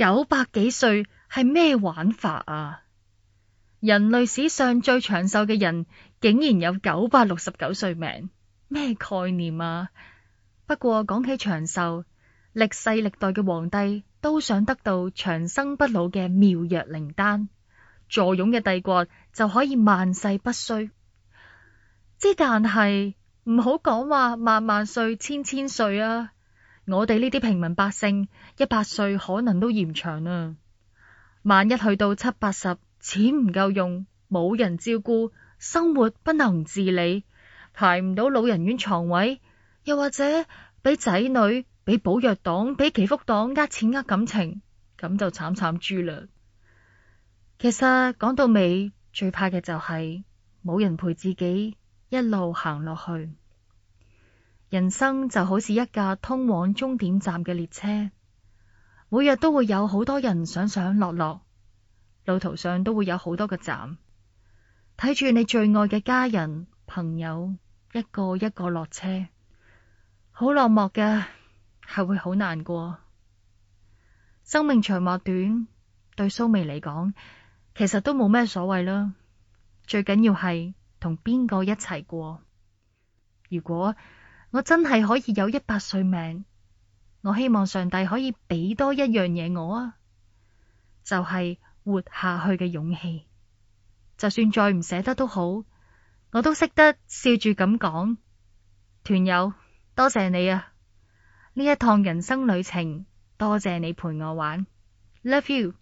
九百幾歲係咩玩法啊？人類史上最長壽嘅人竟然有九百六十九歲命，咩概念啊？不過講起長壽，歷世歷代嘅皇帝都想得到長生不老嘅妙藥靈丹，坐擁嘅帝國就可以萬世不衰。之但係唔好講話萬萬歲、千千歲啊！我哋呢啲平民百姓，一百歲可能都嫌長啊，萬一去到七八十，錢唔夠用，冇人照顧，生活不能自理，排唔到老人院床位，又或者俾仔女、俾寶藥黨、俾祈福黨呃錢呃感情，咁就慘慘豬嘞。其實講到尾，最怕嘅就係、是、冇人陪自己一路行落去。人生就好似一架通往終點站嘅列車，每日都會有好多人上上落落，路途上都會有好多個站，睇住你最愛嘅家人朋友一個一個落車，好落寞嘅，係會好難過。生命長或短，對蘇眉嚟講，其實都冇咩所謂啦，最緊要係同邊個一齊過。如果我真係可以有一百歲命，我希望上帝可以俾多一樣嘢我啊，就係、是、活下去嘅勇氣。就算再唔捨得都好，我都識得笑住咁講。團友，多謝你啊！呢一趟人生旅程，多謝你陪我玩。Love you。